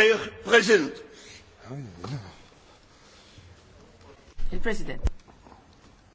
Herr Präsident. Il-President.